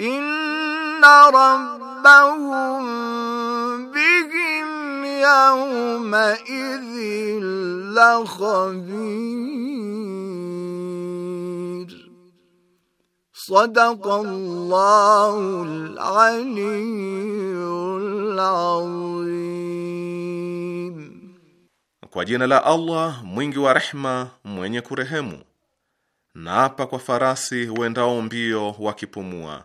inna rabbahum bihim yawma idhin lakhabir sadaqallahu al-aliyyul azim kwa jina la Allah mwingi wa rehma mwenye kurehemu naapa kwa farasi wendao mbio wakipumua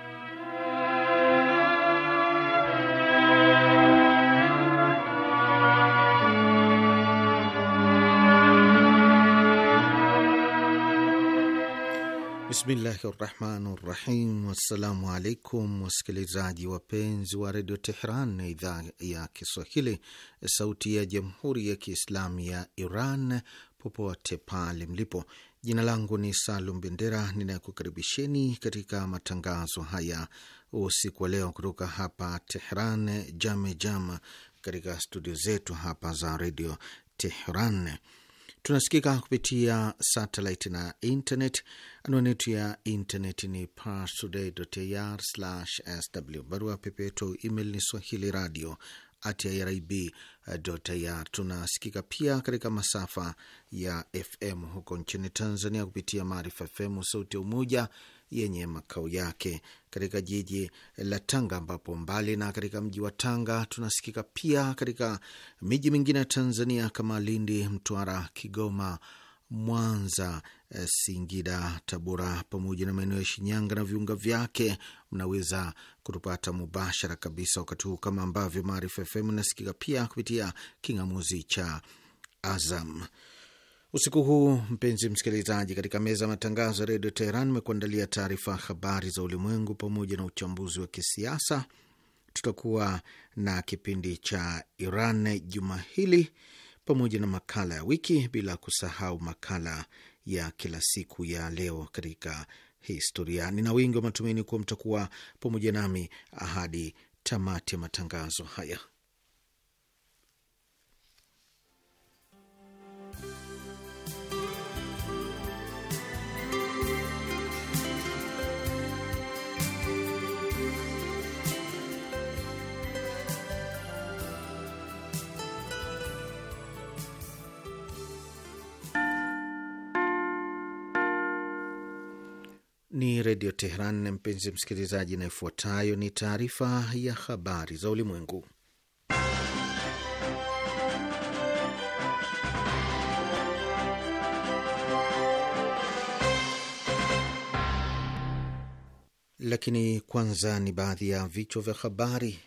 Bismillahi rahmani rahim. Wassalamu alaikum wasikilizaji wapenzi wa redio Tehran na idhaa ya Kiswahili, sauti ya jamhuri ya Kiislamu ya Iran, popote pale mlipo. Jina langu ni Salum Bendera, ninayekukaribisheni katika matangazo haya usiku wa leo kutoka hapa Tehran, Jame Jama, katika studio zetu hapa za redio Tehran. Tunasikika kupitia satellite na internet. Anwani yetu ya internet ni parstoday.ir/sw. Barua pepe yetu email ni swahili radio at irib.ir. Tunasikika pia katika masafa ya FM huko nchini Tanzania kupitia Maarifa FM, Sauti ya Umoja yenye makao yake katika jiji la Tanga, ambapo mbali na katika mji wa Tanga tunasikika pia katika miji mingine ya Tanzania kama Lindi, Mtwara, Kigoma, Mwanza, eh, Singida, Tabora pamoja na maeneo ya Shinyanga na viunga vyake. Mnaweza kutupata mubashara kabisa wakati huu, kama ambavyo Maarifa FM inasikika pia kupitia king'amuzi cha Azam. Usiku huu mpenzi msikilizaji, katika meza ya matangazo ya redio Teheran imekuandalia taarifa habari za ulimwengu pamoja na uchambuzi wa kisiasa. Tutakuwa na kipindi cha Iran juma hili pamoja na makala ya wiki, bila kusahau makala ya kila siku ya leo katika historia. Nina wingi wa matumaini kuwa mtakuwa pamoja nami ahadi tamati ya matangazo haya. Ni Redio Teheran, mpenzi msikilizaji, na ifuatayo ni taarifa ya habari za ulimwengu. Lakini kwanza ni baadhi ya vichwa vya habari.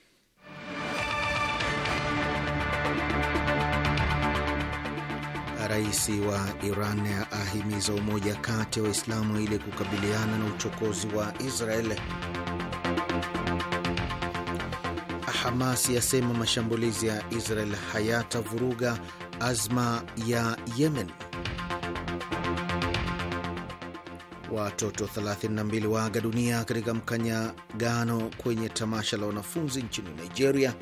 Rais wa Iran ahimiza umoja kati ya Waislamu ili kukabiliana na uchokozi wa Israel. Hamas yasema mashambulizi ya Israel hayatavuruga azma ya Yemen. Watoto 32 waaga dunia katika mkanyagano kwenye tamasha la wanafunzi nchini Nigeria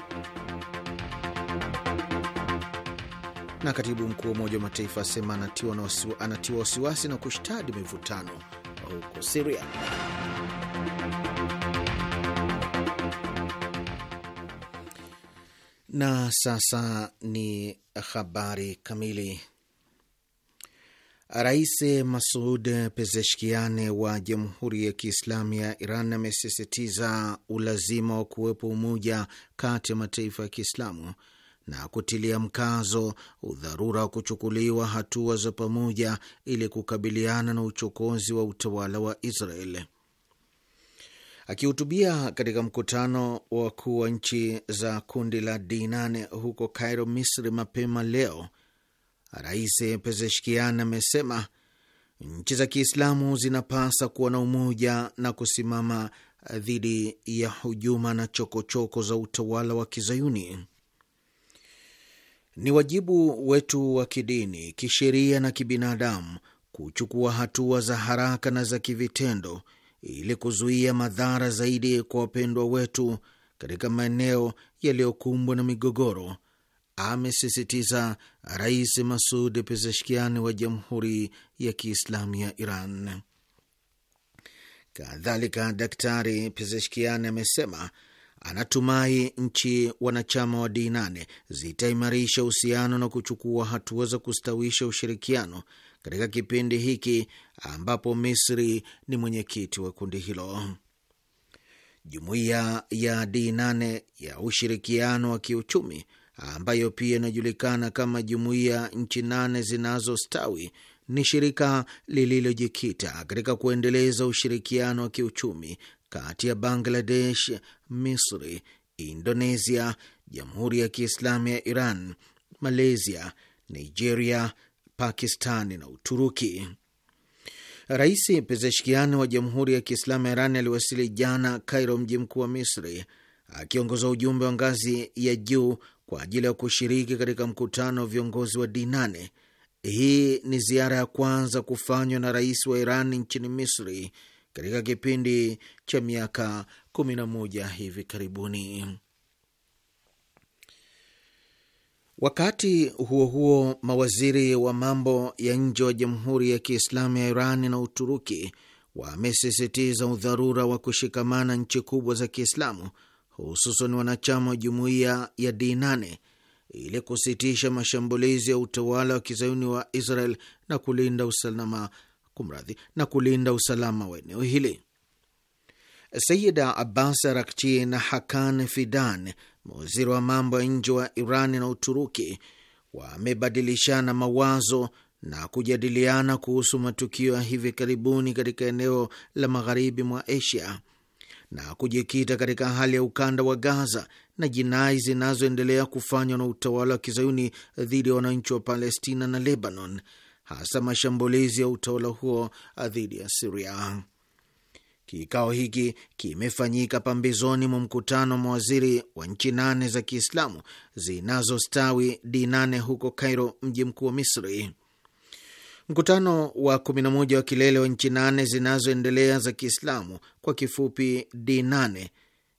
na katibu mkuu wa Umoja wa Mataifa asema anatiwa wasiwasi na kushtadi mivutano huko Siria. Na sasa ni habari kamili. Rais Masud Pezeshkiane wa Jamhuri ya Kiislamu ya Iran amesisitiza ulazima wa kuwepo umoja kati ya mataifa ya Kiislamu na kutilia mkazo udharura wa kuchukuliwa hatua za pamoja ili kukabiliana na uchokozi wa utawala wa Israel. Akihutubia katika mkutano wa wakuu wa nchi za kundi la D8 huko Cairo, Misri, mapema leo, Rais Pezeshkian amesema nchi za Kiislamu zinapasa kuwa na umoja na kusimama dhidi ya hujuma na chokochoko choko za utawala wa Kizayuni. Ni wajibu wetu wa kidini, kisheria na kibinadamu kuchukua hatua za haraka na za kivitendo ili kuzuia madhara zaidi kwa wapendwa wetu katika maeneo yaliyokumbwa na migogoro, amesisitiza Rais Masud pezeshkiani wa Jamhuri ya Kiislamu ya Iran. Kadhalika, Daktari pezeshkiani amesema anatumai nchi wanachama wa D8 zitaimarisha uhusiano na kuchukua hatua za kustawisha ushirikiano katika kipindi hiki ambapo Misri ni mwenyekiti wa kundi hilo. Jumuiya ya D8 ya ushirikiano wa kiuchumi ambayo pia inajulikana kama jumuiya nchi nane zinazostawi ni shirika lililojikita katika kuendeleza ushirikiano wa kiuchumi kati ya Bangladesh, Misri, Indonesia, Jamhuri ya Kiislamu ya Iran, Malaysia, Nigeria, Pakistani na Uturuki. Rais Pezeshkian wa Jamhuri ya Kiislamu ya Iran aliwasili jana Kairo, mji mkuu wa Misri, akiongoza ujumbe wa ngazi ya juu kwa ajili ya kushiriki katika mkutano wa viongozi wa D8. Hii ni ziara ya kwanza kufanywa na rais wa Iran nchini Misri katika kipindi cha miaka 11 hivi karibuni. Wakati huo huo, mawaziri wa mambo ya nje wa Jamhuri ya Kiislamu ya Iran na Uturuki wamesisitiza udharura wa kushikamana nchi kubwa za Kiislamu, hususan wanachama wa jumuiya ya D8 ili kusitisha mashambulizi ya utawala wa kizayuni wa Israel na kulinda usalama kumradhi, na kulinda usalama wa eneo hili. Sayida Abbas Arakchi na Hakan Fidan, mawaziri wa mambo ya nje wa Iran na Uturuki, wamebadilishana mawazo na kujadiliana kuhusu matukio ya hivi karibuni katika eneo la magharibi mwa Asia na kujikita katika hali ya ukanda wa Gaza na jinai zinazoendelea kufanywa na utawala wa kizayuni dhidi ya wananchi wa Palestina na Lebanon hasa mashambulizi ya utawala huo ah, dhidi ya Siria. Kikao hiki kimefanyika pambizoni mwa mkutano wa mawaziri wa nchi nane za Kiislamu zinazostawi D8 huko Cairo, mji mkuu wa Misri. Mkutano wa 11 wa kilele wa nchi nane zinazoendelea za Kiislamu, kwa kifupi D8,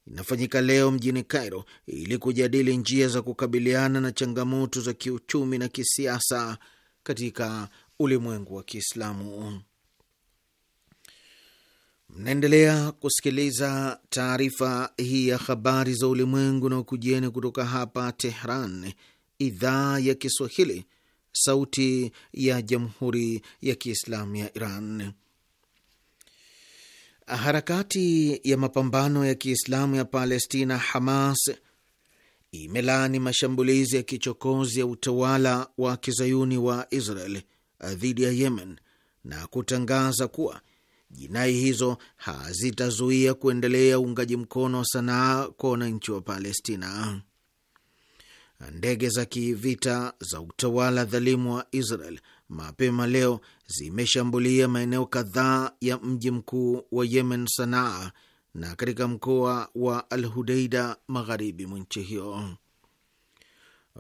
inafanyika leo mjini Cairo ili kujadili njia za kukabiliana na changamoto za kiuchumi na kisiasa katika ulimwengu wa Kiislamu. Mnaendelea kusikiliza taarifa hii ya habari za ulimwengu na ukujieni kutoka hapa Tehran, idhaa ya Kiswahili, sauti ya jamhuri ya Kiislamu ya Iran. Harakati ya mapambano ya Kiislamu ya Palestina, Hamas, imelaani mashambulizi ya kichokozi ya utawala wa kizayuni wa Israel Uh, dhidi ya Yemen na kutangaza kuwa jinai hizo hazitazuia kuendelea uungaji mkono wa Sanaa kwa wananchi wa Palestina. Ndege za kivita za utawala dhalimu wa Israel mapema leo zimeshambulia maeneo kadhaa ya mji mkuu wa Yemen, Sanaa, na katika mkoa wa Al hudeida magharibi mwa nchi hiyo.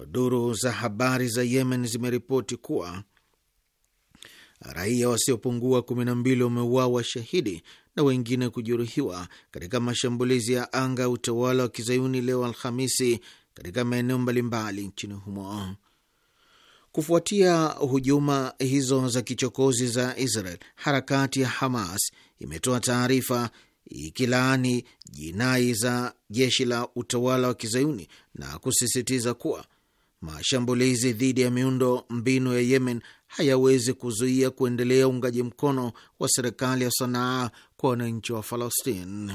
Duru za habari za Yemen zimeripoti kuwa raia wasiopungua kumi na mbili wameuawa shahidi na wengine kujeruhiwa katika mashambulizi ya anga ya utawala wa kizayuni leo Alhamisi katika maeneo mbalimbali nchini humo. Kufuatia hujuma hizo za kichokozi za Israel, harakati ya Hamas imetoa taarifa ikilaani jinai za jeshi la utawala wa kizayuni na kusisitiza kuwa mashambulizi dhidi ya miundo mbinu ya Yemen hayawezi kuzuia kuendelea uungaji mkono wa serikali ya Sanaa kwa wananchi wa Falastin.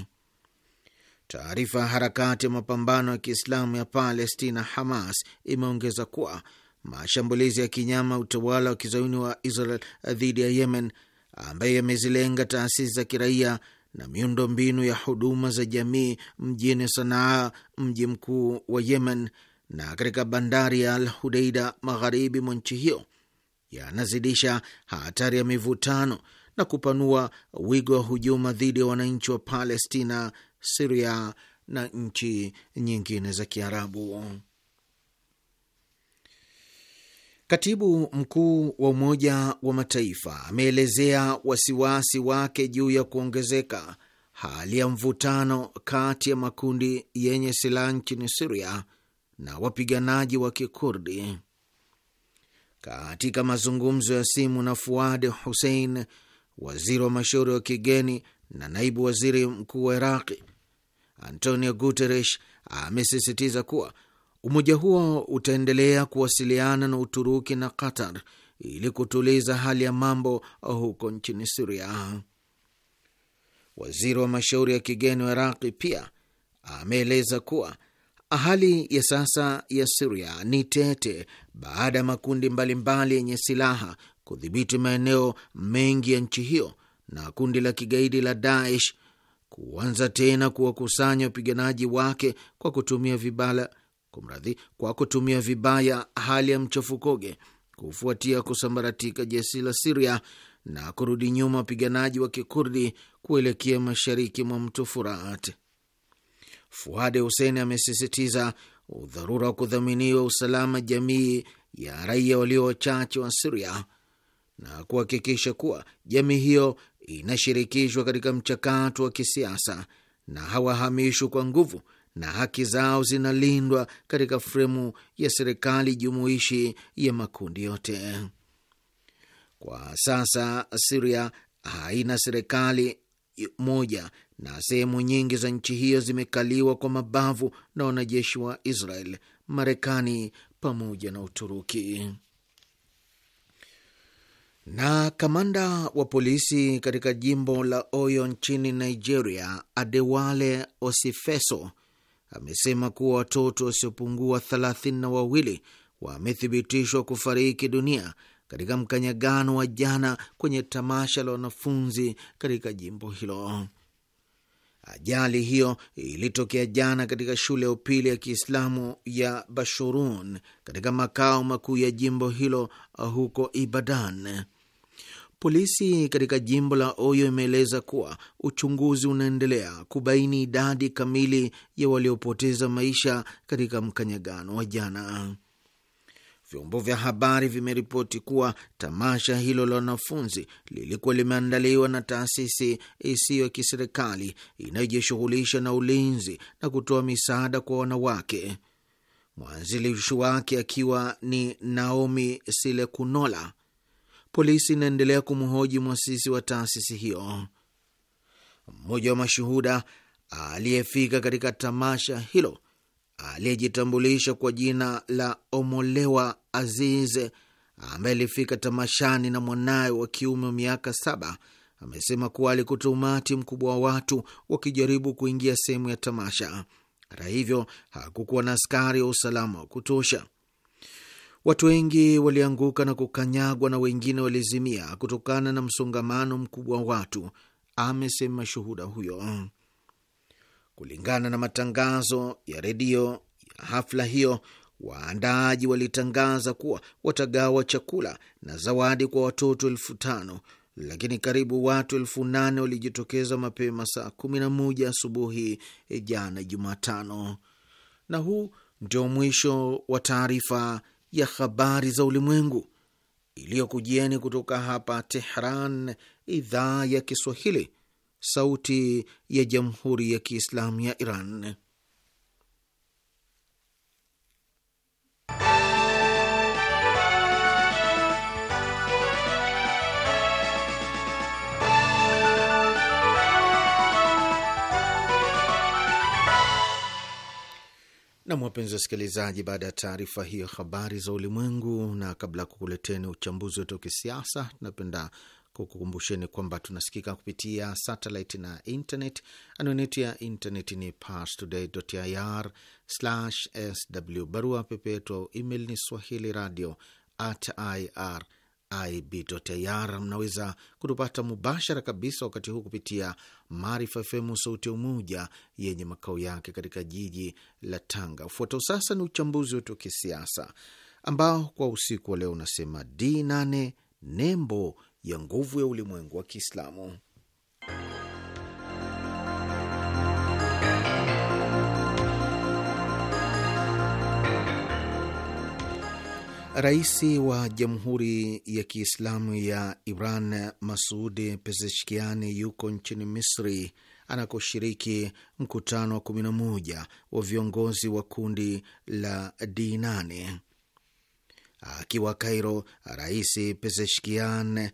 Taarifa ya harakati ya mapambano ya Kiislamu ya Palestina, Hamas, imeongeza kuwa mashambulizi ya kinyama ya utawala wa kizayuni wa Israel dhidi ya Yemen, ambayo yamezilenga taasisi za kiraia na miundo mbinu ya huduma za jamii mjini Sanaa, mji mkuu wa Yemen, na katika bandari ya Al Hudeida, magharibi mwa nchi hiyo, yanazidisha hatari ya mivutano na kupanua wigo wa hujuma dhidi ya wananchi wa Palestina, Siria na nchi nyingine za Kiarabu. Katibu mkuu wa Umoja wa Mataifa ameelezea wasiwasi wake juu ya kuongezeka hali ya mvutano kati ya makundi yenye silaha nchini Siria na wapiganaji wa Kikurdi. Katika mazungumzo ya simu na Fuad Hussein, waziri wa mashauri wa kigeni na naibu waziri mkuu wa Iraqi, Antonio Guterres amesisitiza kuwa umoja huo utaendelea kuwasiliana na Uturuki na Qatar ili kutuliza hali ya mambo huko nchini Siria. Waziri wa mashauri ya kigeni wa Iraqi pia ameeleza kuwa Hali ya sasa ya Siria ni tete baada ya makundi mbalimbali yenye mbali silaha kudhibiti maeneo mengi ya nchi hiyo na kundi la kigaidi la Daesh kuanza tena kuwakusanya wapiganaji wake kwa kutumia vibala kumradhi, kwa kutumia vibaya hali ya mchafukoge kufuatia kusambaratika jeshi la Siria na kurudi nyuma wapiganaji wa kikurdi kuelekea mashariki mwa mto Furat. Fuade Hussein amesisitiza udharura wa kudhaminiwa usalama jamii ya raia walio wachache wa Siria na kuhakikisha kuwa jamii hiyo inashirikishwa katika mchakato wa kisiasa na hawahamishwi kwa nguvu na haki zao zinalindwa katika fremu ya serikali jumuishi ya makundi yote. Kwa sasa Siria haina serikali moja na sehemu nyingi za nchi hiyo zimekaliwa kwa mabavu na wanajeshi wa Israel, Marekani pamoja na Uturuki. Na kamanda wa polisi katika jimbo la Oyo nchini Nigeria, Adewale Osifeso, amesema kuwa watoto wasiopungua thelathini na wawili wamethibitishwa kufariki dunia katika mkanyagano wa jana kwenye tamasha la wanafunzi katika jimbo hilo. Ajali hiyo ilitokea jana katika shule ya upili ya Kiislamu ya Bashurun katika makao makuu ya jimbo hilo uh, huko Ibadan. Polisi katika jimbo la Oyo imeeleza kuwa uchunguzi unaendelea kubaini idadi kamili ya waliopoteza maisha katika mkanyagano wa jana. Vyombo vya habari vimeripoti kuwa tamasha hilo la wanafunzi lilikuwa limeandaliwa na taasisi isiyo ya kiserikali inayojishughulisha na ulinzi na kutoa misaada kwa wanawake, mwanzilishi wake akiwa ni Naomi Silekunola. Polisi inaendelea kumhoji mwasisi wa taasisi hiyo. Mmoja wa mashuhuda aliyefika katika tamasha hilo aliyejitambulisha kwa jina la Omolewa Aziz ambaye alifika tamashani na mwanaye wa kiume wa miaka saba amesema kuwa alikuta umati mkubwa wa watu wakijaribu kuingia sehemu ya tamasha. Hata hivyo, hakukuwa na askari wa usalama wa kutosha. Watu wengi walianguka na kukanyagwa na wengine walizimia kutokana na msongamano mkubwa wa watu, amesema shuhuda huyo. Kulingana na matangazo ya redio ya hafla hiyo, waandaaji walitangaza kuwa watagawa chakula na zawadi kwa watoto elfu tano lakini karibu watu elfu nane walijitokeza mapema saa kumi na moja asubuhi jana Jumatano. Na huu ndio mwisho wa taarifa ya habari za ulimwengu iliyokujieni kutoka hapa Tehran, idhaa ya Kiswahili, Sauti ya Jamhuri ya Kiislamu ya Iran. Nam, wapenzi wasikilizaji, baada ya taarifa hiyo habari za ulimwengu, na kabla ya kukuleteni uchambuzi wetu wa kisiasa, tunapenda kukukumbusheni kwamba tunasikika kupitia satelit na internet. Anwani yetu ya internet ni parstoday.ir/sw, barua pepe yetu au email ni swahili radio at irib.ir. Mnaweza kutupata mubashara kabisa wakati huu kupitia Maarifa FM sauti ya Umoja yenye makao yake katika jiji la Tanga. Ufuatao sasa ni uchambuzi wetu wa kisiasa ambao kwa usiku wa leo unasema D8 nembo ya nguvu ya ulimwengu wa Kiislamu. Rais wa Jamhuri ya Kiislamu ya Iran Masudi Pezeshkiani yuko nchini Misri anakoshiriki mkutano wa moja wa viongozi wa kundi la D8. Akiwa Kairo, Rais Pezeshkian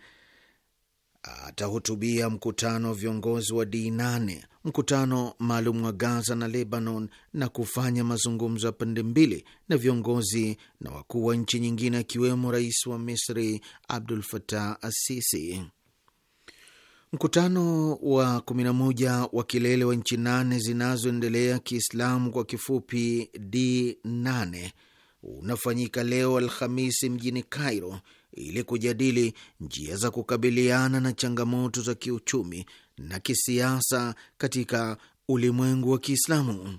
atahutubia mkutano wa viongozi wa D8, mkutano maalum wa Gaza na Lebanon, na kufanya mazungumzo ya pande mbili na viongozi na wakuu wa nchi nyingine, akiwemo rais wa Misri Abdul Fatah Assisi. Mkutano wa 11 wa kilele wa nchi nane zinazoendelea Kiislamu, kwa kifupi D8, unafanyika leo Alhamisi mjini Cairo ili kujadili njia za kukabiliana na changamoto za kiuchumi na kisiasa katika ulimwengu wa Kiislamu.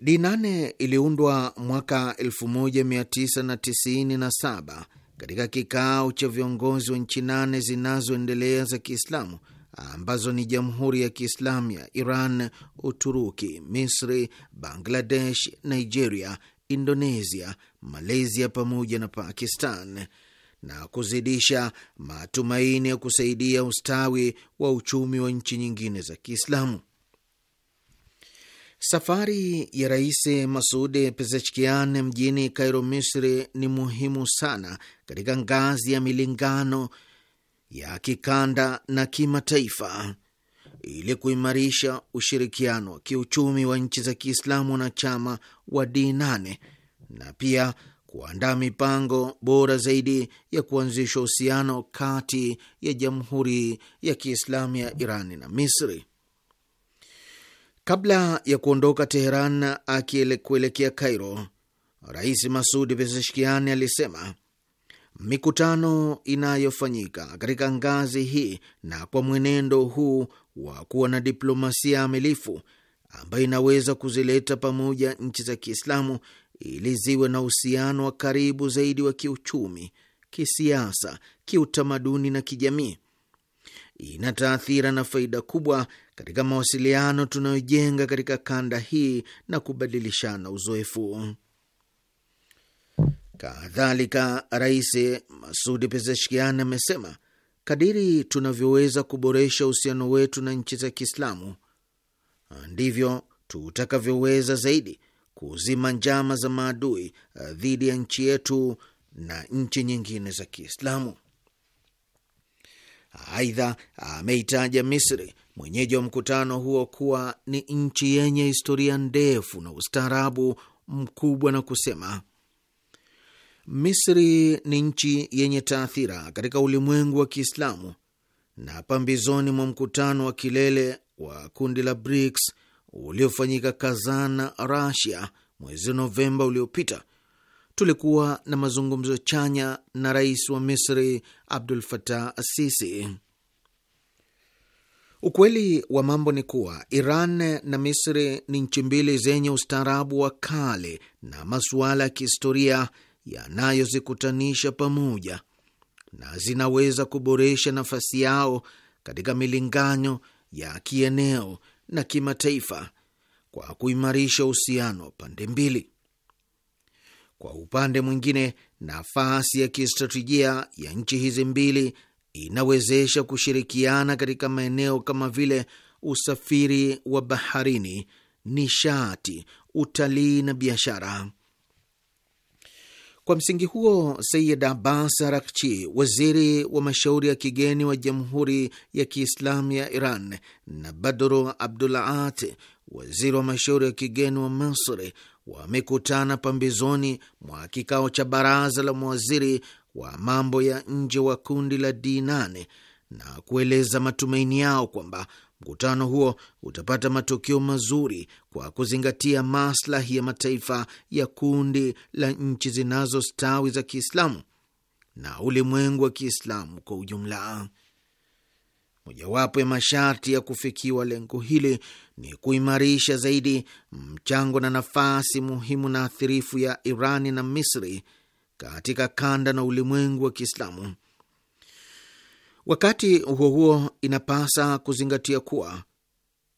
D8 iliundwa mwaka 1997 katika kikao cha viongozi wa nchi nane zinazoendelea za Kiislamu ambazo ni Jamhuri ya Kiislamu ya Iran, Uturuki, Misri, Bangladesh, Nigeria, Indonesia, Malaysia pamoja na Pakistan na kuzidisha matumaini ya kusaidia ustawi wa uchumi wa nchi nyingine za Kiislamu. Safari ya Rais Masud Pezeshkian mjini Kairo, Misri ni muhimu sana katika ngazi ya milingano ya kikanda na kimataifa ili kuimarisha ushirikiano wa kiuchumi wa nchi za Kiislamu wanachama wa D8 na pia kuandaa mipango bora zaidi ya kuanzisha uhusiano kati ya Jamhuri ya Kiislamu ya Iran na Misri. Kabla ya kuondoka Teheran akielekea Kairo, Rais Masudi Pezeshkiani alisema Mikutano inayofanyika katika ngazi hii na kwa mwenendo huu wa kuwa na diplomasia amilifu ambayo inaweza kuzileta pamoja nchi za Kiislamu ili ziwe na uhusiano wa karibu zaidi wa kiuchumi, kisiasa, kiutamaduni na kijamii ina taathira na faida kubwa katika mawasiliano tunayojenga katika kanda hii na kubadilishana uzoefu. Kadhalika, Rais Masudi Pezeshkian amesema kadiri tunavyoweza kuboresha uhusiano wetu na nchi za Kiislamu ndivyo tutakavyoweza zaidi kuzima njama za maadui eh, dhidi ya nchi yetu na nchi nyingine za Kiislamu. Aidha, ameitaja Misri, mwenyeji wa mkutano huo, kuwa ni nchi yenye historia ndefu na ustaarabu mkubwa na kusema Misri ni nchi yenye taathira katika ulimwengu wa Kiislamu na pambizoni mwa mkutano wa kilele wa kundi la BRICS uliofanyika Kazana, Russia mwezi Novemba uliopita, tulikuwa na mazungumzo chanya na rais wa Misri Abdul fatah Assisi. Ukweli wa mambo ni kuwa Iran na Misri ni nchi mbili zenye ustaarabu wa kale na masuala ya kihistoria yanayozikutanisha pamoja na zinaweza kuboresha nafasi yao katika milinganyo ya kieneo na kimataifa kwa kuimarisha uhusiano wa pande mbili. Kwa upande mwingine, nafasi ya kistratejia ya nchi hizi mbili inawezesha kushirikiana katika maeneo kama vile usafiri wa baharini, nishati, utalii na biashara. Kwa msingi huo, Sayid Abbas Arakchi, waziri wa mashauri ya kigeni wa Jamhuri ya Kiislamu ya Iran, na Badru Abdulaat, waziri wa mashauri ya kigeni wa Misri, wamekutana pambizoni mwa kikao cha baraza la mawaziri wa mambo ya nje wa kundi la D8 na kueleza matumaini yao kwamba Mkutano huo utapata matokeo mazuri kwa kuzingatia maslahi ya mataifa ya kundi la nchi zinazostawi za Kiislamu na ulimwengu wa Kiislamu kwa ujumla. Mojawapo ya masharti ya kufikiwa lengo hili ni kuimarisha zaidi mchango na nafasi muhimu na athirifu ya Irani na Misri katika kanda na ulimwengu wa Kiislamu. Wakati huo huo, inapasa kuzingatia kuwa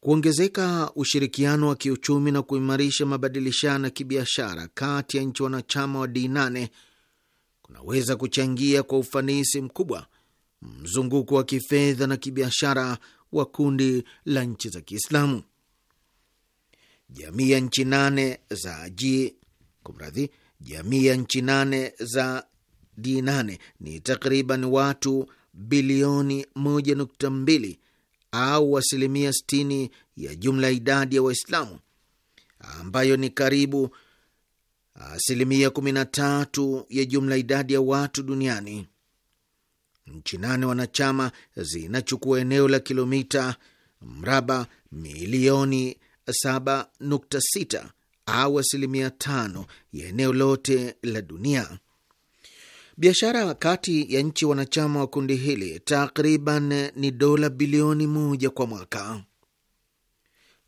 kuongezeka ushirikiano wa kiuchumi na kuimarisha mabadilishano ya kibiashara kati ya nchi wanachama wa D8 kunaweza kuchangia kwa ufanisi mkubwa mzunguko wa kifedha na kibiashara wa kundi la nchi za Kiislamu. Jamii ya nchi nane za G, kumradhi, jamii ya nchi nane za D8 ni takriban watu bilioni 1.2 au asilimia 60 ya jumla ya idadi ya Waislamu, ambayo ni karibu asilimia 13 ya jumla idadi ya watu duniani. Nchi nane wanachama zinachukua eneo la kilomita mraba milioni 7.6 au asilimia 5 ya eneo lote la dunia. Biashara kati ya nchi wanachama wa kundi hili takriban ni dola bilioni moja kwa mwaka.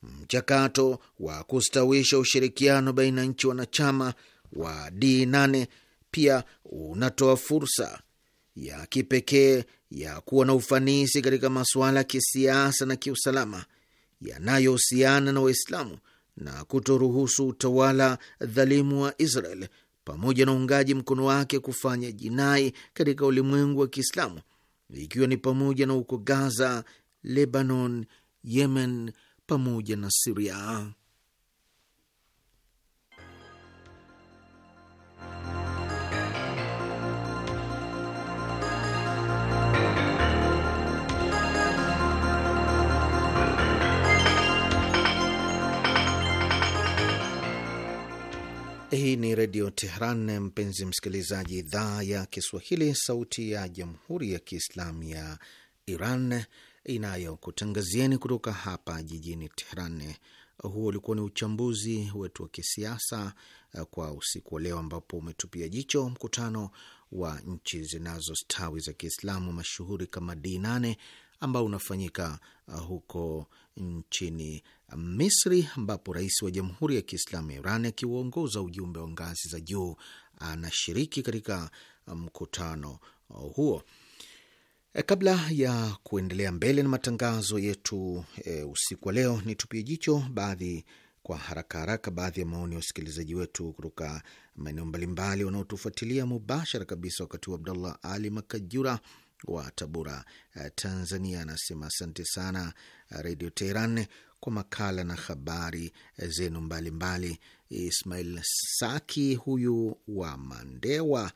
Mchakato wa kustawisha ushirikiano baina ya nchi wanachama wa D8 pia unatoa fursa ya kipekee ya kuwa na ufanisi katika masuala ya kisiasa na kiusalama yanayohusiana na Waislamu na kutoruhusu utawala dhalimu wa Israel pamoja na uungaji mkono wake kufanya jinai katika ulimwengu wa Kiislamu, ikiwa ni pamoja na huko Gaza, Lebanon, Yemen pamoja na Siria. Hii ni Redio Tehran, mpenzi msikilizaji, idhaa ya Kiswahili, sauti ya Jamhuri ya Kiislamu ya Iran inayokutangazieni kutoka hapa jijini Tehran. Huo ulikuwa ni uchambuzi wetu wa kisiasa kwa usiku wa leo, ambapo umetupia jicho mkutano wa nchi zinazostawi za Kiislamu mashuhuri kama D8 ambao unafanyika uh, huko nchini Misri, ambapo rais wa Jamhuri ya Kiislamu ya Iran akiuongoza ujumbe wa ngazi za juu anashiriki katika uh, mkutano uh, huo. E, kabla ya kuendelea mbele na matangazo yetu e, usiku wa leo, nitupie jicho baadhi kwa haraka haraka baadhi ya maoni ya wasikilizaji wetu kutoka maeneo mbalimbali wanaotufuatilia mubashara kabisa. Wakati huu abdullah Ali Makajura wa Tabora, eh, Tanzania, anasema asante sana eh, Redio Teheran kwa makala na habari eh, zenu mbalimbali. Ismail Saki huyu wa Mandewa,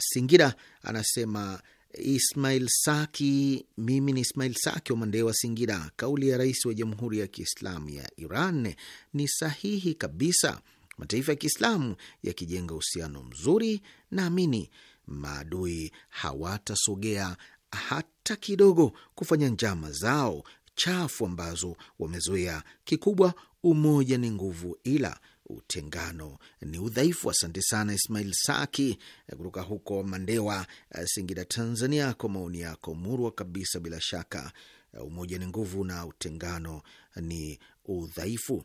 Singida, anasema Ismail Saki, mimi ni Ismail Saki wa Mandewa, Singida. Kauli ya rais wa Jamhuri ya Kiislamu ya Iran ni sahihi kabisa. Mataifa ya Kiislamu yakijenga uhusiano mzuri, naamini maadui hawatasogea hata kidogo kufanya njama zao chafu ambazo wamezoea. Kikubwa umoja ni nguvu, ila utengano ni udhaifu. Asante sana Ismail Saki kutoka huko Mandewa, Singida, Tanzania, kwa maoni yako murwa kabisa. Bila shaka umoja ni nguvu na utengano ni udhaifu.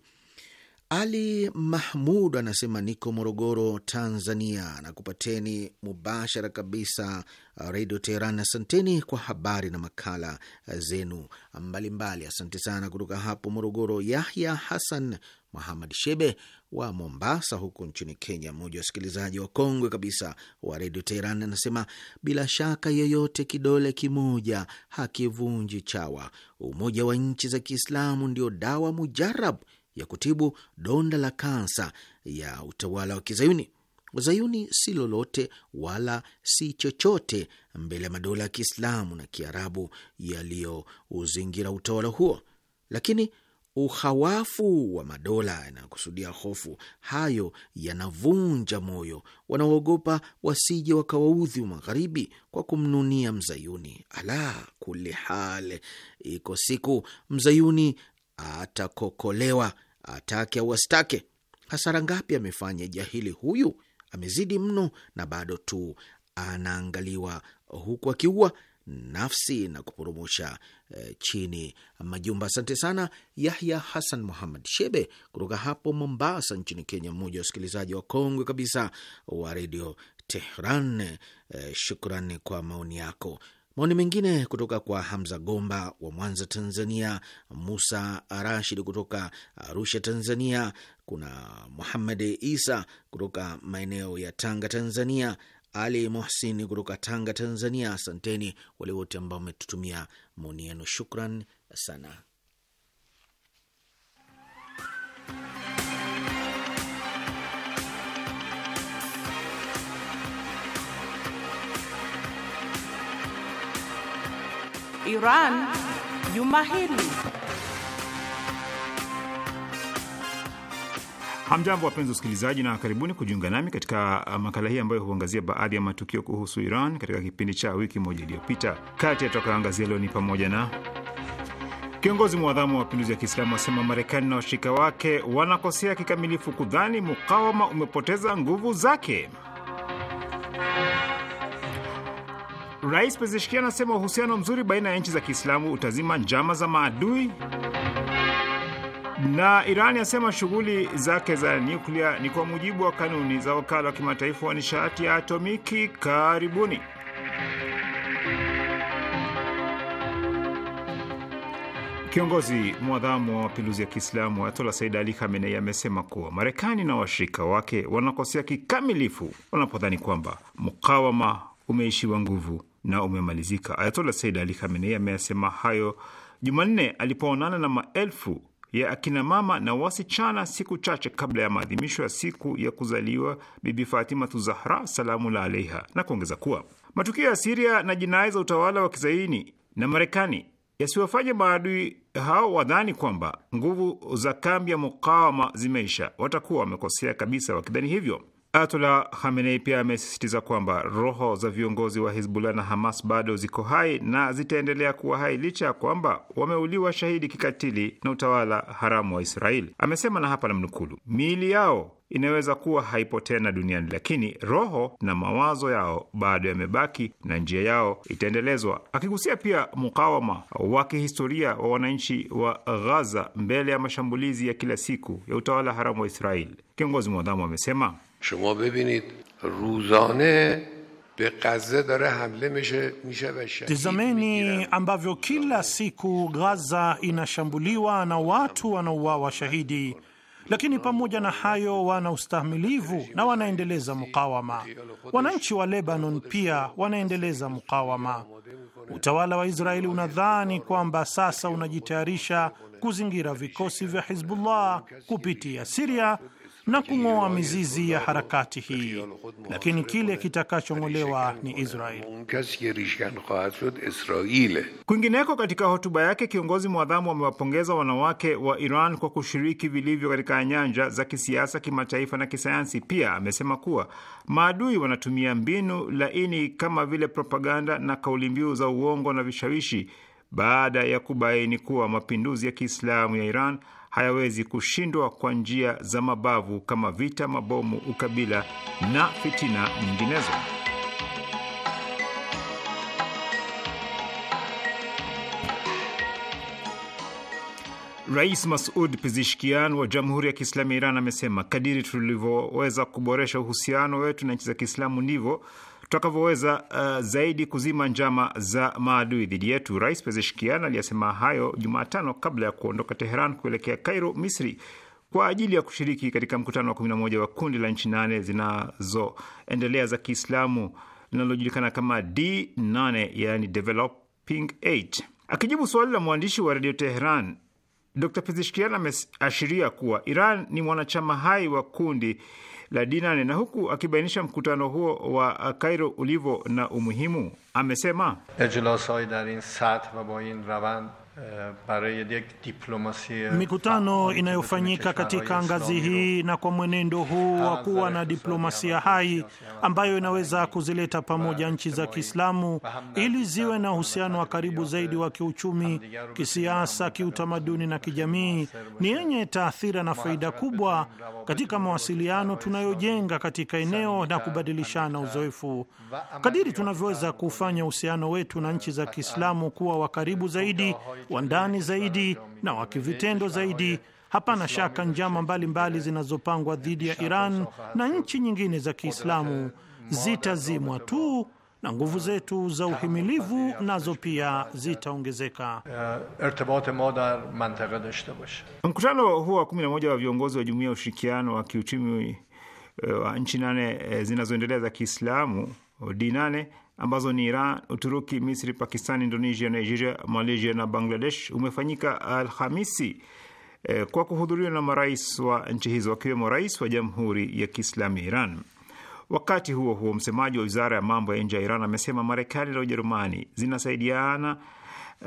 Ali Mahmud anasema niko Morogoro, Tanzania, na kupateni mubashara kabisa Redio Teheran. Asanteni kwa habari na makala zenu mbalimbali, asante sana. Kutoka hapo Morogoro, Yahya Hasan Muhamad Shebe wa Mombasa huko nchini Kenya, mmoja wa wasikilizaji wa kongwe kabisa wa Redio Teheran, anasema bila shaka yoyote kidole kimoja hakivunji chawa. Umoja wa nchi za Kiislamu ndio dawa mujarab ya kutibu donda la kansa ya utawala wa Kizayuni. Wazayuni si lolote wala si chochote mbele ya madola ya Kiislamu na Kiarabu yaliyouzingira utawala huo, lakini uhawafu wa madola yanayokusudia hofu hayo yanavunja moyo. Wanaogopa wasije wakawaudhi wa magharibi kwa kumnunia mzayuni. Ala kuli hal, iko siku mzayuni atakokolewa atake au astake. Hasara ngapi amefanya jahili huyu! Amezidi mno, na bado tu anaangaliwa huku akiua nafsi na kuporomosha eh, chini majumba. Asante sana Yahya Hasan Muhammad Shebe kutoka hapo Mombasa nchini Kenya, mmoja wa wasikilizaji wa kongwe kabisa wa redio Tehran. Eh, shukrani kwa maoni yako. Maoni mengine kutoka kwa Hamza Gomba wa Mwanza, Tanzania, Musa Rashid kutoka Arusha, Tanzania, kuna muhamad Isa kutoka maeneo ya Tanga, Tanzania, Ali Mohsin kutoka Tanga, Tanzania. Asanteni wale wote ambao wametutumia maoni yenu, shukran sana. Iran juma hili. Hamjambo, wapenzi wasikilizaji, na karibuni kujiunga nami katika uh, makala hii ambayo huangazia baadhi ya matukio kuhusu Iran katika kipindi cha wiki moja iliyopita. Kati ya tutakayoangazia leo ni pamoja na Kiongozi mwadhamu wa mapinduzi ya Kiislamu wasema Marekani na washirika wake wanakosea kikamilifu kudhani mukawama umepoteza nguvu zake. Rais Pezeshkian anasema uhusiano mzuri baina ya nchi za Kiislamu utazima njama za maadui, na Iran yasema shughuli zake za nyuklia ni kwa mujibu wa kanuni za wakala wa kimataifa wa nishati ya atomiki. Karibuni. Kiongozi mwadhamu wa mapinduzi ya Kiislamu atola Said Ali Khamenei amesema kuwa Marekani na washirika wake wanakosea kikamilifu wanapodhani kwamba mukawama umeishiwa nguvu na umemalizika. Ayatola Said Ali Khamenei ameyasema hayo Jumanne alipoonana na maelfu ya akina mama na wasichana siku chache kabla ya maadhimisho ya siku ya kuzaliwa Bibi Fatimatu Zahra salamullah alaiha, na kuongeza kuwa matukio ya Siria na jinai za utawala wa kizaini na Marekani yasiwafanye maadui hao wadhani kwamba nguvu za kambi ya mukawama zimeisha. Watakuwa wamekosea kabisa wakidhani hivyo. Atola hamenei pia amesisitiza kwamba roho za viongozi wa Hizbullah na Hamas bado ziko hai na zitaendelea kuwa hai licha ya kwamba wameuliwa shahidi kikatili na utawala haramu wa Israeli. Amesema na hapa namnukulu, miili yao inaweza kuwa haipo tena duniani, lakini roho na mawazo yao bado yamebaki na njia yao itaendelezwa, akigusia pia mukawama wa kihistoria wa wananchi wa Ghaza mbele ya mashambulizi ya kila siku ya utawala haramu wa Israeli. Kiongozi mwadhamu amesema شما ببینید روزانه Pe tizameni ambavyo kila siku Gaza inashambuliwa na watu wanauawa shahidi, lakini pamoja na hayo wana ustahimilivu na wanaendeleza mukawama. Wananchi wa Lebanon pia wanaendeleza mukawama. Utawala wa Israeli unadhani kwamba sasa unajitayarisha kuzingira vikosi vya Hizbullah kupitia Siria na kung'oa mizizi ya harakati hii, lakini kile kitakachong'olewa ni Israel. Kwingineko, katika hotuba yake, kiongozi mwadhamu amewapongeza wanawake wa Iran kwa kushiriki vilivyo katika nyanja za kisiasa, kimataifa na kisayansi. Pia amesema kuwa maadui wanatumia mbinu laini kama vile propaganda na kauli mbiu za uongo na vishawishi baada ya kubaini kuwa mapinduzi ya Kiislamu ya Iran hayawezi kushindwa kwa njia za mabavu kama vita, mabomu, ukabila na fitina nyinginezo. Rais Masud pizishkian wa Jamhuri ya Kiislamu ya Iran amesema kadiri tulivyoweza kuboresha uhusiano wetu na nchi za Kiislamu ndivyo tutakavyoweza uh, zaidi kuzima njama za maadui dhidi yetu. Rais Pezeshkian aliyasema hayo Jumatano kabla ya kuondoka Teheran kuelekea Kairo, Misri kwa ajili ya kushiriki katika mkutano wa 11 wa kundi la nchi nane zinazoendelea za Kiislamu linalojulikana kama D8, yani Developing 8. Akijibu swali la mwandishi wa redio Teheran, Dr Pezeshkian ameashiria kuwa Iran ni mwanachama hai wa kundi la D8 na huku akibainisha mkutano huo wa Kairo ulivyo na umuhimu, amesema Eh, Mikutano inayofanyika katika ngazi hii na kwa mwenendo huu wa kuwa na diplomasia hai ambayo inaweza kuzileta pamoja nchi za Kiislamu ili ziwe na uhusiano wa karibu zaidi wa kiuchumi, kisiasa, kiutamaduni na kijamii ni yenye taathira na faida kubwa katika mawasiliano tunayojenga katika eneo na kubadilishana uzoefu. Kadiri tunavyoweza kufanya uhusiano wetu na nchi za Kiislamu kuwa wa karibu zaidi wa ndani zaidi na wa kivitendo zaidi. Hapana shaka njama mbalimbali zinazopangwa dhidi ya Iran na nchi nyingine za Kiislamu zitazimwa tu na nguvu zetu za uhimilivu nazo pia zitaongezeka. Mkutano huo wa 11 wa viongozi wa Jumuiya ya Ushirikiano wa Kiuchumi eh, wa nchi nane eh, zinazoendelea za Kiislamu D8 ambazo ni Iran, Uturuki, Misri, Pakistan, Indonesia, Nigeria, Malaysia na Bangladesh umefanyika Alhamisi eh, kwa kuhudhuriwa na marais wa nchi hizo wakiwemo rais wa Jamhuri ya Kiislamu ya Iran. Wakati huo huo, msemaji wa wizara ya mambo ya nje ya Iran amesema Marekani na Ujerumani zinasaidiana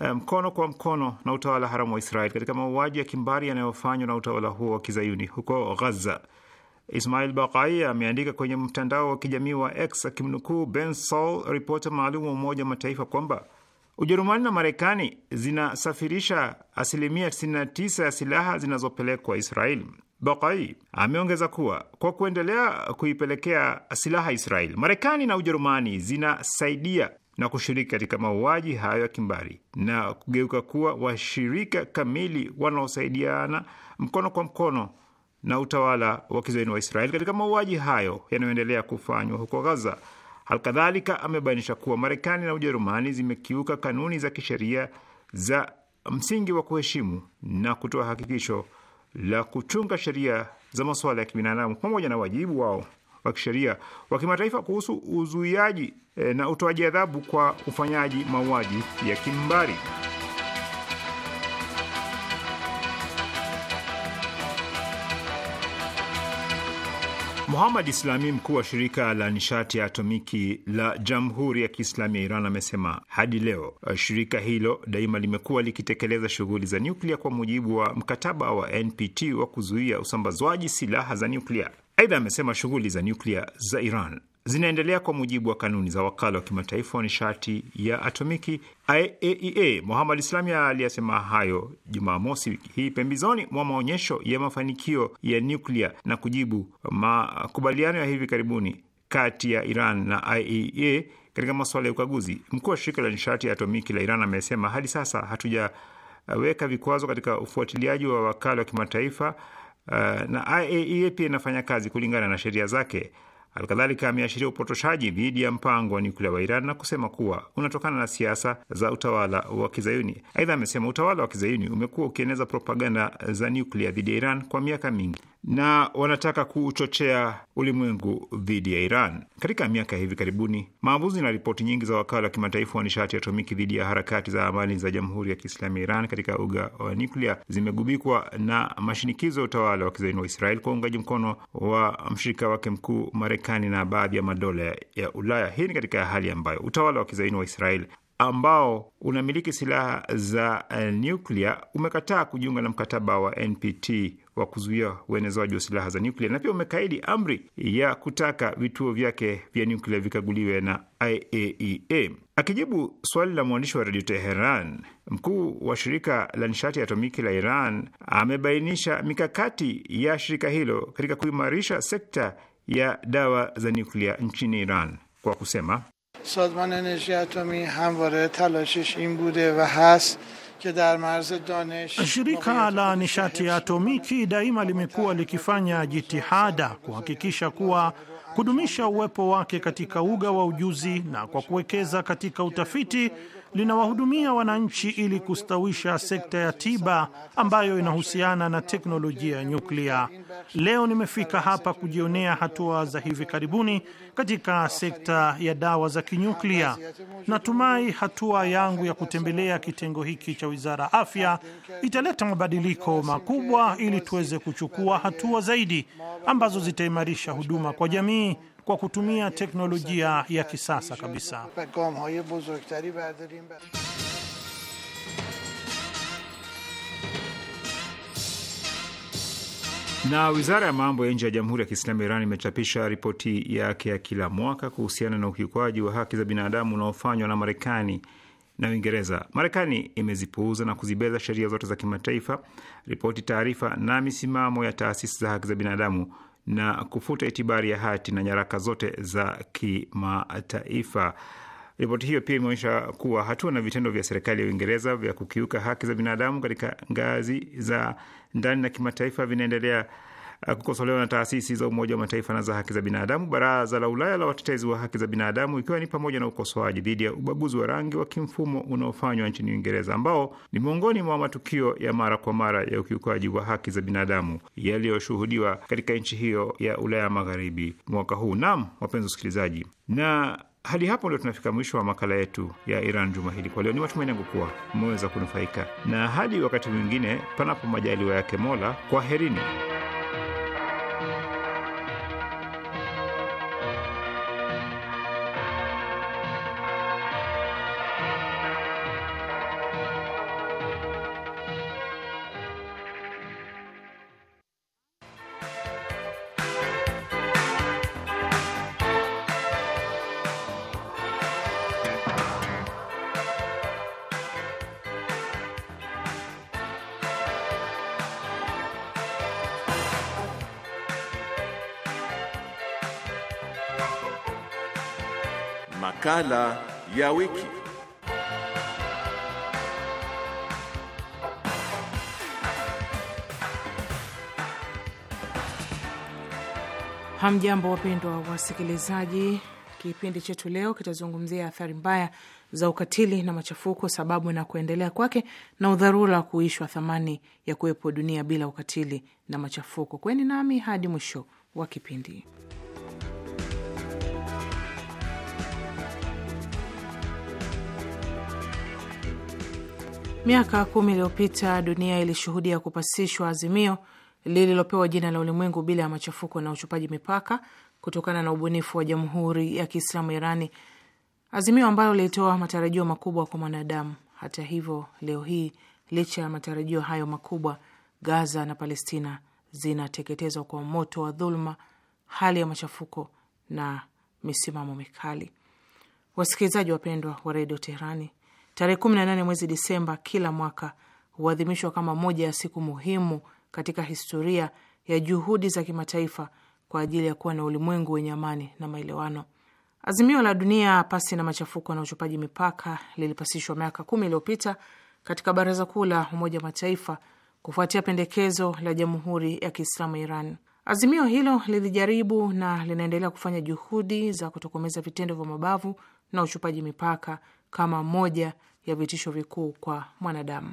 eh, mkono kwa mkono na utawala haramu wa israel katika mauaji ya kimbari yanayofanywa na utawala huo wa kizayuni huko Ghaza. Ismail Bakai ameandika kwenye mtandao wa kijamii wa X akimnukuu Ben Saul, ripota maalum wa Umoja wa Mataifa kwamba Ujerumani na Marekani zinasafirisha asilimia 99 ya silaha zinazopelekwa Israeli. Bakai ameongeza kuwa kwa kuendelea kuipelekea silaha Israeli, Marekani na Ujerumani zinasaidia na kushiriki katika mauaji hayo ya kimbari na kugeuka kuwa washirika kamili wanaosaidiana mkono kwa mkono na utawala wa kizayuni wa Israeli katika mauaji hayo yanayoendelea kufanywa huko Gaza. alkadhalika amebainisha kuwa Marekani na Ujerumani zimekiuka kanuni za kisheria za msingi wa kuheshimu na kutoa hakikisho la kuchunga sheria za masuala ya kibinadamu pamoja na wajibu wao wa kisheria wa kimataifa kuhusu uzuiaji eh, na utoaji adhabu kwa ufanyaji mauaji ya kimbari. Muhamad Islami, mkuu wa shirika la nishati ya atomiki la Jamhuri ya Kiislami ya Iran, amesema hadi leo shirika hilo daima limekuwa likitekeleza shughuli za nyuklia kwa mujibu wa mkataba wa NPT wa kuzuia usambazwaji silaha za nyuklia. Aidha amesema shughuli za nyuklia za Iran zinaendelea kwa mujibu wa kanuni za wakala wa kimataifa wa nishati ya atomiki IAEA. muhamad Islami aliyasema hayo Jumamosi wiki hii pembezoni mwa maonyesho ya mafanikio ya nyuklia na kujibu makubaliano ya hivi karibuni kati ya Iran na IAEA e katika masuala ya ukaguzi. Mkuu wa shirika la nishati ya atomiki la Iran amesema hadi sasa hatujaweka vikwazo katika ufuatiliaji wa wakala wa kimataifa, uh, na IAEA e pia inafanya kazi kulingana na sheria zake. Halikadhalika ameashiria upotoshaji dhidi ya mpango wa nyuklia wa Iran na kusema kuwa unatokana na siasa za utawala wa kizayuni. Aidha amesema utawala wa kizayuni umekuwa ukieneza propaganda za nyuklia dhidi ya Iran kwa miaka mingi na wanataka kuuchochea ulimwengu dhidi ya Iran. Katika miaka ya hivi karibuni, maamuzi na ripoti nyingi za wakala wa kimataifa wa nishati atomiki dhidi ya harakati za amani za Jamhuri ya Kiislamu ya Iran katika uga wa nyuklia zimegubikwa na mashinikizo ya utawala wa kizaini wa Israel kwa uungaji mkono wa mshirika wake mkuu Marekani na baadhi ya madola ya Ulaya. Hii ni katika hali ambayo utawala wa kizaini wa Israel ambao unamiliki silaha za eh, nyuklia umekataa kujiunga na mkataba wa NPT wa kuzuia uenezwaji wa silaha za nyuklia na pia umekaidi amri ya kutaka vituo vyake vya nyuklia vikaguliwe na IAEA. E Akijibu swali la mwandishi wa redio Teheran, mkuu wa shirika la nishati ya atomiki la Iran amebainisha mikakati ya shirika hilo katika kuimarisha sekta ya dawa za nyuklia nchini Iran kwa kusema sazman enerji atomi hamvare talashish in bude va hast Shirika la nishati ya atomiki daima limekuwa likifanya jitihada kuhakikisha kuwa kudumisha uwepo wake katika uga wa ujuzi na kwa kuwekeza katika utafiti linawahudumia wananchi ili kustawisha sekta ya tiba ambayo inahusiana na teknolojia ya nyuklia. Leo nimefika hapa kujionea hatua za hivi karibuni katika sekta ya dawa za kinyuklia. Natumai hatua yangu ya kutembelea kitengo hiki cha Wizara Afya italeta mabadiliko makubwa ili tuweze kuchukua hatua zaidi ambazo zitaimarisha huduma kwa jamii kwa kutumia teknolojia ya kisasa kabisa. Na wizara ya mambo ya nje ya Jamhuri ya Kiislamu ya Iran imechapisha ripoti yake ya kila mwaka kuhusiana na ukiukwaji wa haki za binadamu unaofanywa na Marekani na Uingereza. Marekani imezipuuza na kuzibeza sheria zote za kimataifa, ripoti, taarifa na misimamo ya taasisi za haki za binadamu na kufuta itibari ya hati na nyaraka zote za kimataifa. Ripoti hiyo pia imeonyesha kuwa hatua na vitendo vya serikali ya Uingereza vya kukiuka haki za binadamu katika ngazi za ndani na kimataifa vinaendelea Eh, kukosolewa na taasisi za Umoja wa Mataifa na za haki za binadamu, Baraza la Ulaya la watetezi wa haki za binadamu, ikiwa ni pamoja na ukosoaji dhidi ya ubaguzi wa rangi wa kimfumo unaofanywa nchini Uingereza, ambao ni miongoni mwa matukio ya mara kwa mara ya ukiukaji wa haki za binadamu yaliyoshuhudiwa katika nchi hiyo ya Ulaya Magharibi mwaka huu. Naam, wapenzi wasikilizaji, na hadi hapo ndio tunafika mwisho wa makala yetu ya Iran juma hili. Kwa leo, ni matumaini yangu kuwa mmeweza kunufaika, na hadi wakati mwingine, panapo majaliwa yake Mola, kwaherini. ya wiki. Hamjambo, wapendwa wasikilizaji. Kipindi chetu leo kitazungumzia athari mbaya za ukatili na machafuko, sababu na kuendelea kwake na udharura wa kuishwa thamani ya kuwepo dunia bila ukatili na machafuko. Kweni nami hadi mwisho wa kipindi. Miaka kumi iliyopita dunia ilishuhudia kupasishwa azimio lililopewa jina la ulimwengu bila ya machafuko na uchupaji mipaka kutokana na ubunifu wa Jamhuri ya Kiislamu Irani, azimio ambalo lilitoa matarajio makubwa kwa mwanadamu. Hata hivyo, leo hii, licha ya matarajio hayo makubwa, Gaza na Palestina zinateketezwa kwa moto wa dhuluma, hali ya machafuko na misimamo mikali. Wasikilizaji wapendwa wa redio Teherani, Tarehe 18 mwezi Disemba kila mwaka huadhimishwa kama moja ya siku muhimu katika historia ya juhudi za kimataifa kwa ajili ya kuwa na ulimwengu wenye amani na maelewano. Azimio la dunia pasi na machafuko na uchupaji mipaka lilipasishwa miaka kumi iliyopita katika Baraza Kuu la Umoja wa Mataifa kufuatia pendekezo la Jamhuri ya Kiislamu Iran. Azimio hilo lilijaribu na linaendelea kufanya juhudi za kutokomeza vitendo vya mabavu na uchupaji mipaka kama moja ya vitisho vikuu kwa mwanadamu.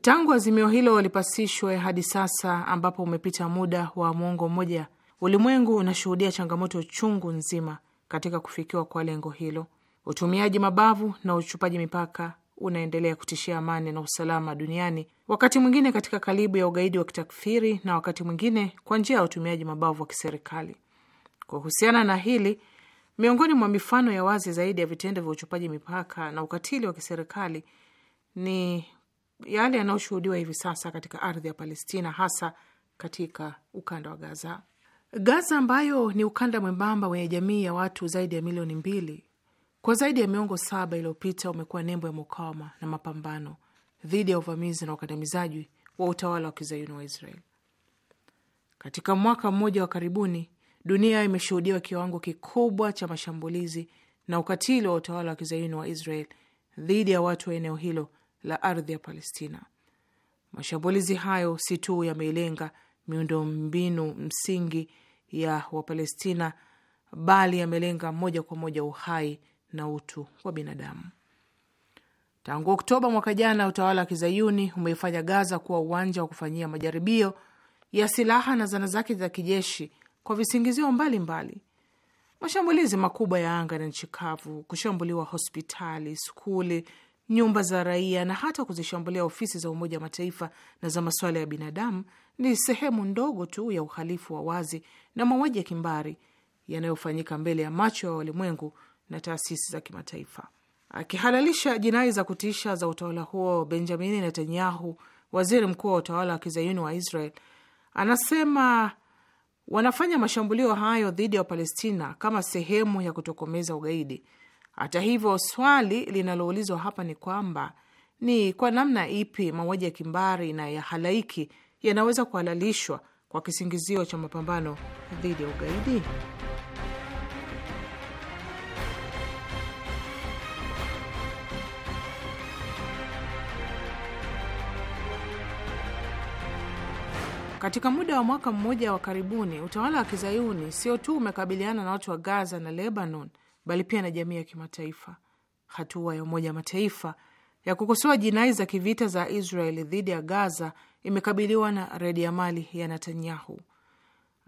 Tangu azimio hilo lipasishwe hadi sasa, ambapo umepita muda wa mwongo mmoja, ulimwengu unashuhudia changamoto chungu nzima katika kufikiwa kwa lengo hilo. Utumiaji mabavu na uchupaji mipaka unaendelea kutishia amani na usalama duniani, wakati mwingine katika kalibu ya ugaidi wa kitakfiri na wakati mwingine kwa njia ya utumiaji mabavu wa kiserikali. Kuhusiana na hili, Miongoni mwa mifano ya wazi zaidi ya vitendo vya uchupaji mipaka na ukatili wa kiserikali ni yale yanayoshuhudiwa hivi sasa katika ardhi ya Palestina, hasa katika ukanda wa Gaza. Gaza ambayo ni ukanda mwembamba wenye jamii ya watu zaidi ya milioni mbili, kwa zaidi ya miongo saba iliyopita umekuwa nembo ya mukawama na mapambano dhidi ya uvamizi na ukandamizaji wa utawala wa kizayuni wa Israel. Katika mwaka mmoja wa karibuni dunia imeshuhudiwa kiwango kikubwa cha mashambulizi na ukatili wa utawala wa kizayuni wa Israel dhidi ya watu wa eneo hilo la ardhi ya Palestina. Mashambulizi hayo si tu yameilenga miundombinu msingi ya Wapalestina, bali yamelenga moja kwa moja uhai na utu wa binadamu. Tangu Oktoba mwaka jana, utawala wa kizayuni umeifanya Gaza kuwa uwanja wa kufanyia majaribio ya silaha na zana zake za kijeshi kwa visingizio mbalimbali: mashambulizi makubwa ya anga na nchi kavu, kushambuliwa hospitali, skuli, nyumba za raia na hata kuzishambulia ofisi za Umoja wa Mataifa na za masuala ya binadamu ni sehemu ndogo tu ya uhalifu wa wazi na mauaji ya kimbari yanayofanyika mbele ya macho ya walimwengu na taasisi za kimataifa. Akihalalisha jinai za kutisha za utawala huo, Benjamini Netanyahu, waziri mkuu wa utawala wa kizayuni wa Israel, anasema wanafanya mashambulio hayo dhidi ya Wapalestina kama sehemu ya kutokomeza ugaidi. Hata hivyo, swali linaloulizwa hapa ni kwamba ni kwa namna ipi mauaji ya kimbari na ya halaiki yanaweza kuhalalishwa kwa kisingizio cha mapambano dhidi ya ugaidi. Katika muda wa mwaka mmoja wa karibuni, utawala wa kizayuni sio tu umekabiliana na watu wa Gaza na Lebanon, bali pia na jamii ya kimataifa. Hatua ya Umoja wa Mataifa ya kukosoa jinai za kivita za Israel dhidi ya Gaza imekabiliwa na mali ya Netanyahu.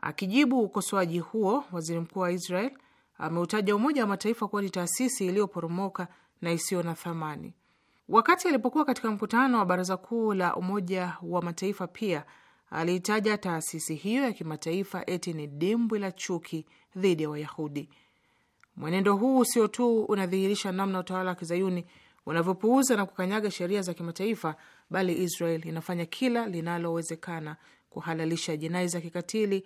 Akijibu ukosoaji huo, waziri mkuu wa Israel ameutaja Umoja wa Mataifa kuwa ni taasisi iliyoporomoka na isiyo na thamani. Wakati alipokuwa katika mkutano wa Baraza Kuu la Umoja wa Mataifa, pia aliitaja taasisi hiyo ya kimataifa eti ni dimbwi la chuki dhidi ya Wayahudi. Mwenendo huu usio tu unadhihirisha namna utawala wa kizayuni unavyopuuza na kukanyaga sheria za kimataifa, bali Israel inafanya kila linalowezekana kuhalalisha jinai za kikatili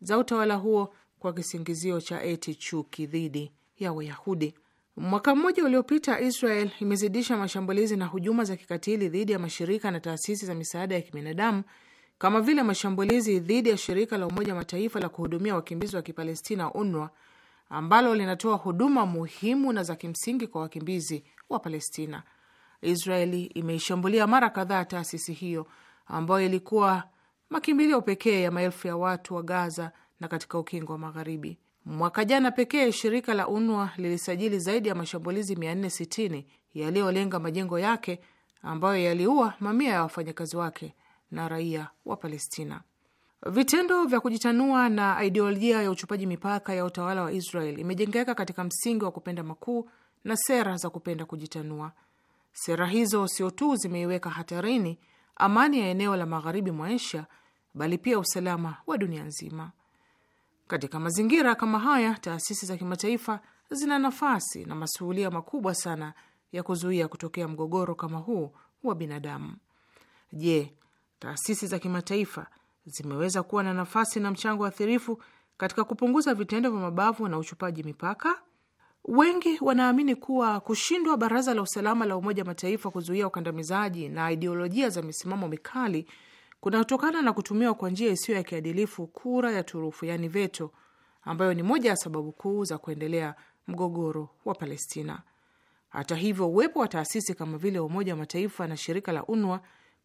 za utawala huo kwa kisingizio cha eti chuki dhidi ya Wayahudi. Mwaka mmoja uliopita, Israel imezidisha mashambulizi na hujuma za kikatili dhidi ya mashirika na taasisi za misaada ya kibinadamu kama vile mashambulizi dhidi ya shirika la Umoja Mataifa la kuhudumia wakimbizi wa Kipalestina, UNRWA, ambalo linatoa huduma muhimu na za kimsingi kwa wakimbizi wa Palestina. Israeli imeishambulia mara kadhaa taasisi hiyo ambayo ilikuwa makimbilio pekee ya maelfu ya watu wa Gaza na katika ukingo wa Magharibi. Mwaka jana pekee shirika la UNWA lilisajili zaidi ya mashambulizi 460 yaliyolenga majengo yake ambayo yaliua mamia ya wafanyakazi wake na raia wa Palestina. Vitendo vya kujitanua na idiolojia ya uchupaji mipaka ya utawala wa Israel imejengeka katika msingi wa kupenda makuu na sera za kupenda kujitanua. Sera hizo sio tu zimeiweka hatarini amani ya eneo la magharibi mwa Asia, bali pia usalama wa dunia nzima. Katika mazingira kama haya, taasisi za kimataifa zina nafasi na masuulia makubwa sana ya kuzuia kutokea mgogoro kama huu wa binadamu. Je, taasisi za kimataifa zimeweza kuwa na nafasi na mchango athirifu katika kupunguza vitendo vya mabavu na uchupaji mipaka. Wengi wanaamini kuwa kushindwa Baraza la Usalama la Umoja wa Mataifa kuzuia ukandamizaji na ideolojia za misimamo mikali kunatokana na kutumiwa kwa njia isiyo ya kiadilifu kura ya turufu, yani veto, ambayo ni moja ya sababu kuu za kuendelea mgogoro wa Palestina. Hata hivyo, uwepo wa taasisi kama vile Umoja wa Mataifa na shirika la UNWA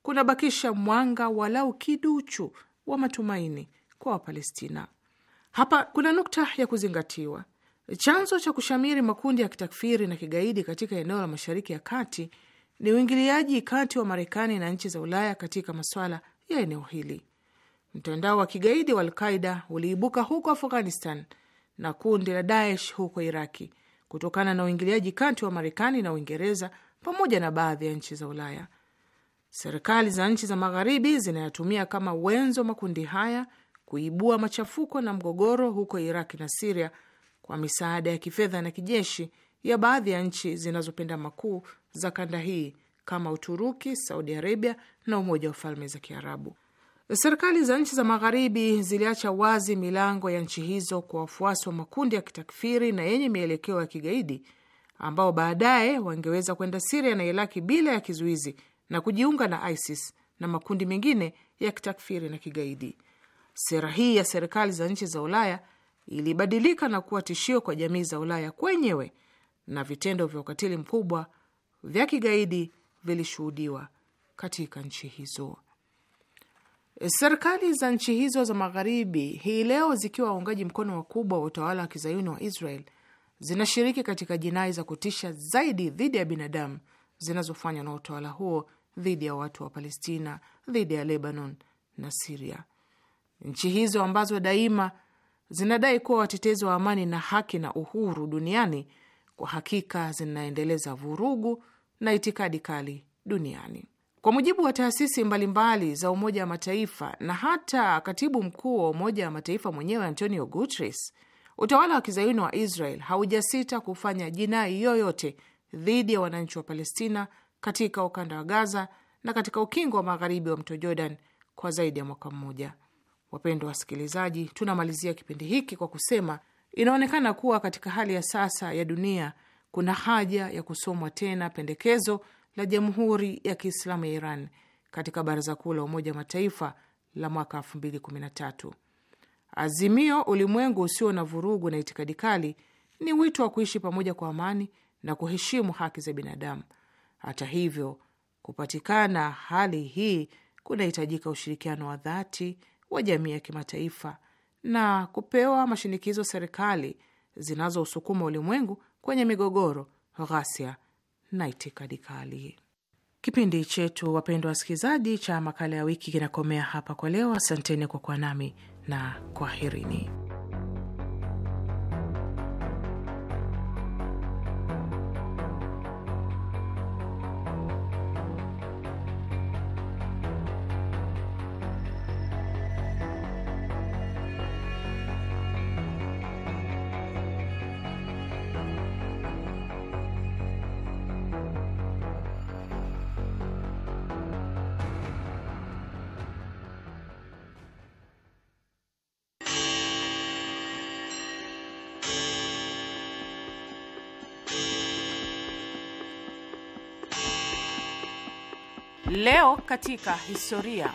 kunabakisha mwanga walau kiduchu wa matumaini kwa Wapalestina. Hapa kuna nukta ya kuzingatiwa. Chanzo cha kushamiri makundi ya kitakfiri na kigaidi katika eneo la Mashariki ya Kati ni uingiliaji kati wa Marekani na nchi za Ulaya katika masuala ya eneo hili. Mtandao wa kigaidi wa Alqaida uliibuka huko Afghanistan na kundi la Daesh huko Iraki kutokana na uingiliaji kati wa Marekani na Uingereza pamoja na baadhi ya nchi za Ulaya. Serikali za nchi za magharibi zinayatumia kama wenzo makundi haya kuibua machafuko na mgogoro huko Iraki na Siria kwa misaada ya kifedha na kijeshi ya baadhi ya nchi zinazopenda makuu za kanda hii kama Uturuki, Saudi Arabia na Umoja wa Falme za Kiarabu. Serikali za nchi za magharibi ziliacha wazi milango ya nchi hizo kwa wafuasi wa makundi ya kitakfiri na yenye mielekeo ya kigaidi ambao baadaye wangeweza kwenda Siria na Iraki bila ya kizuizi na kujiunga na ISIS na makundi mengine ya kitakfiri na kigaidi. Sera hii ya serikali za nchi za Ulaya ilibadilika na kuwa tishio kwa jamii za Ulaya kwenyewe na vitendo vya ukatili mkubwa vya kigaidi vilishuhudiwa katika nchi hizo. Serikali za nchi hizo za magharibi hii leo zikiwa waungaji mkono wakubwa wa utawala wa kizayuni wa Israel zinashiriki katika jinai za kutisha zaidi dhidi ya binadamu zinazofanywa na utawala huo dhidi ya watu wa Palestina, dhidi ya Lebanon na Siria, nchi hizo ambazo daima zinadai kuwa watetezi wa amani na haki na uhuru duniani. Kwa hakika zinaendeleza vurugu na itikadi kali duniani. Kwa mujibu wa taasisi mbalimbali za Umoja wa Mataifa na hata katibu mkuu wa Umoja wa Mataifa mwenyewe Antonio Guterres, utawala wa kizayuni wa Israel haujasita kufanya jinai yoyote dhidi ya wananchi wa Palestina katika ukanda wa Gaza na katika ukingo wa magharibi wa mto Jordan kwa zaidi ya mwaka mmoja. Wapendwa wasikilizaji, tunamalizia kipindi hiki kwa kusema inaonekana kuwa katika hali ya sasa ya dunia kuna haja ya kusomwa tena pendekezo la Jamhuri ya Kiislamu ya Iran katika Baraza Kuu la Umoja wa Mataifa la mwaka 2013. Azimio ulimwengu usio na vurugu na itikadi kali ni wito wa kuishi pamoja kwa amani na kuheshimu haki za binadamu hata hivyo, kupatikana hali hii kunahitajika ushirikiano wa dhati wa jamii ya kimataifa na kupewa mashinikizo serikali zinazousukuma ulimwengu kwenye migogoro, ghasia na itikadi kali. Kipindi chetu, wapendwa wasikilizaji, cha makala ya wiki kinakomea hapa kwa leo. Asanteni kwa kuwa nami na kwaherini. katika historia.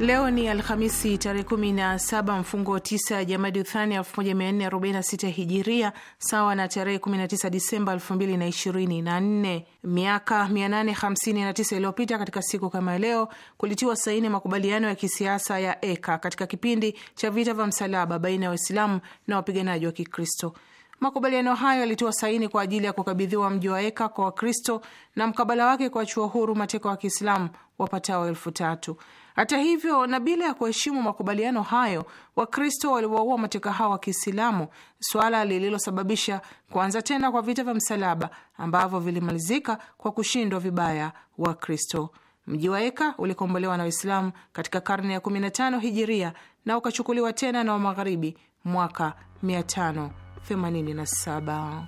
Leo ni Alhamisi tarehe 17 mfungo 9 Jamadi Uthani 1446 Hijiria, sawa na tarehe 19 Disemba 2024. Miaka 859 iliyopita katika siku kama leo kulitiwa saini makubaliano ya kisiasa ya Eka katika kipindi cha vita vya msalaba baina ya Waislamu na wapiganaji wa Kikristo. Makubaliano hayo yalitiwa saini kwa ajili ya kukabidhiwa mji wa Eka kwa Wakristo na mkabala wake chuo huru mateka wa Kiislamu wapatao elfu tatu. Hata hivyo, na bila ya kuheshimu makubaliano hayo, Wakristo waliwaua mateka hao wa Kiislamu, swala lililosababisha kuanza tena kwa vita vya msalaba ambavyo vilimalizika kwa kushindwa vibaya Wakristo. Mji wa Eka ulikombolewa na Waislamu katika karne ya 15 hijiria na ukachukuliwa tena na Wamagharibi mwaka 500 87.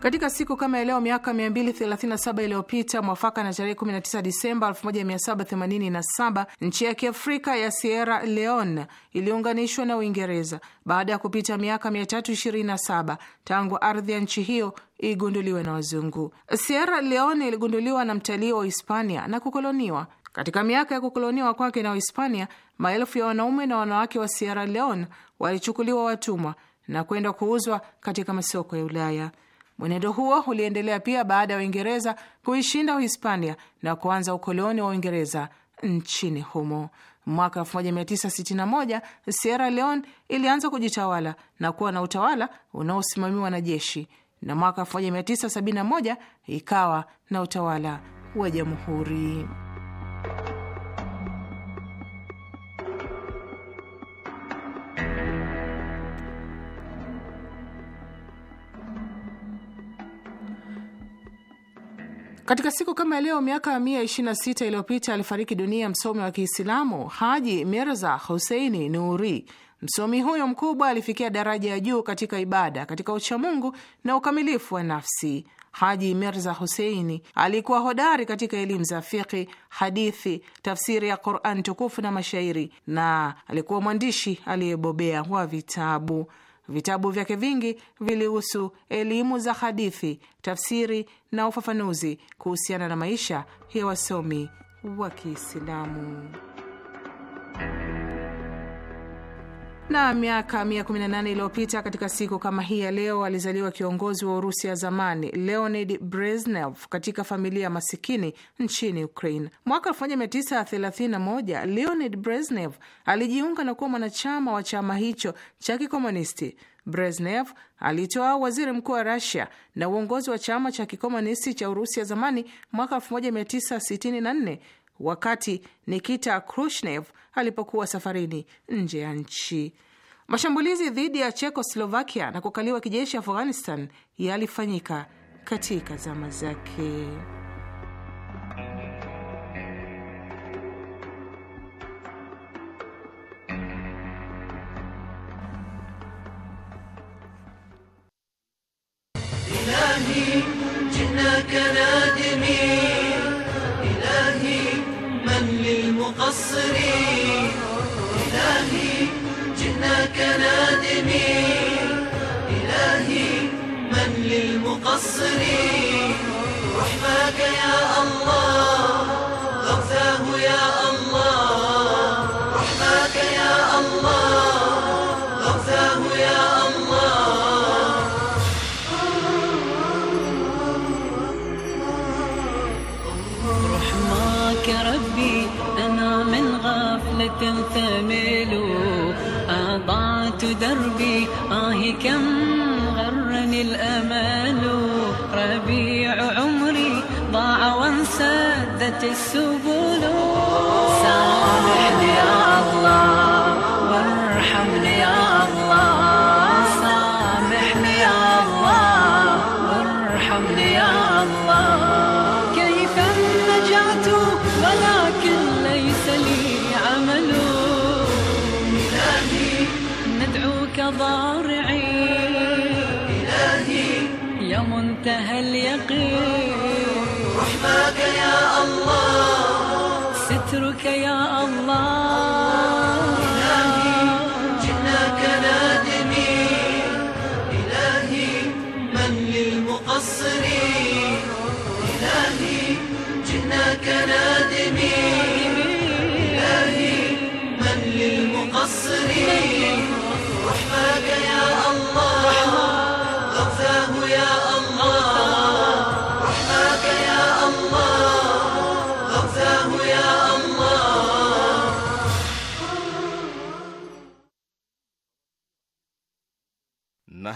Katika siku kama leo miaka 237 iliyopita mwafaka na tarehe 19 Disemba 1787 nchi ya Kiafrika ya Sierra Leone iliunganishwa na Uingereza baada ya kupita miaka 327 tangu ardhi ya nchi hiyo igunduliwe na wazungu. Sierra Leone iligunduliwa na mtalii wa Hispania na kukoloniwa katika miaka ya kukoloniwa kwake na Uhispania, maelfu ya wanaume na wanawake wa Sierra Leone walichukuliwa watumwa na kwenda kuuzwa katika masoko ya Ulaya. Mwenendo huo uliendelea pia baada ya Uingereza kuishinda Uhispania na kuanza ukoloni wa Uingereza nchini humo. Mwaka 1961 Sierra Leone ilianza kujitawala na kuwa na utawala unaosimamiwa na jeshi, na mwaka 1971 ikawa na utawala wa jamhuri. Katika siku kama leo miaka sita iliyopita alifariki dunia msomi wa Kiislamu Haji Mirza Huseini Nuri. Msomi huyo mkubwa alifikia daraja ya juu katika ibada, katika uchamungu na ukamilifu wa nafsi. Haji Mirza Huseini alikuwa hodari katika elimu za fiqhi, hadithi, tafsiri ya Quran tukufu na mashairi, na alikuwa mwandishi aliyebobea wa vitabu. Vitabu vyake vingi vilihusu elimu za hadithi, tafsiri na ufafanuzi kuhusiana na maisha ya wasomi wa Kiislamu. Na miaka 118 iliyopita katika siku kama hii ya leo alizaliwa kiongozi wa Urusi ya zamani Leonid Brezhnev katika familia ya masikini nchini Ukraine. Mwaka 1931 Leonid Brezhnev alijiunga na kuwa mwanachama wa chama hicho cha kikomunisti. Brezhnev alitoa waziri mkuu wa Rasia na uongozi wa chama cha kikomunisti cha Urusi ya zamani mwaka 1964 wakati Nikita krushnev alipokuwa safarini nje ya nchi. Mashambulizi dhidi ya Chekoslovakia na kukaliwa kijeshi Afghanistan yalifanyika katika zama zake. Ilahi, مقصرين إلهي جئنا كنادمين إلهي من للمقصرين رحمك يا الله ربي آه كم غرني الأمال ربيع عمري ضاع وانسدت السبل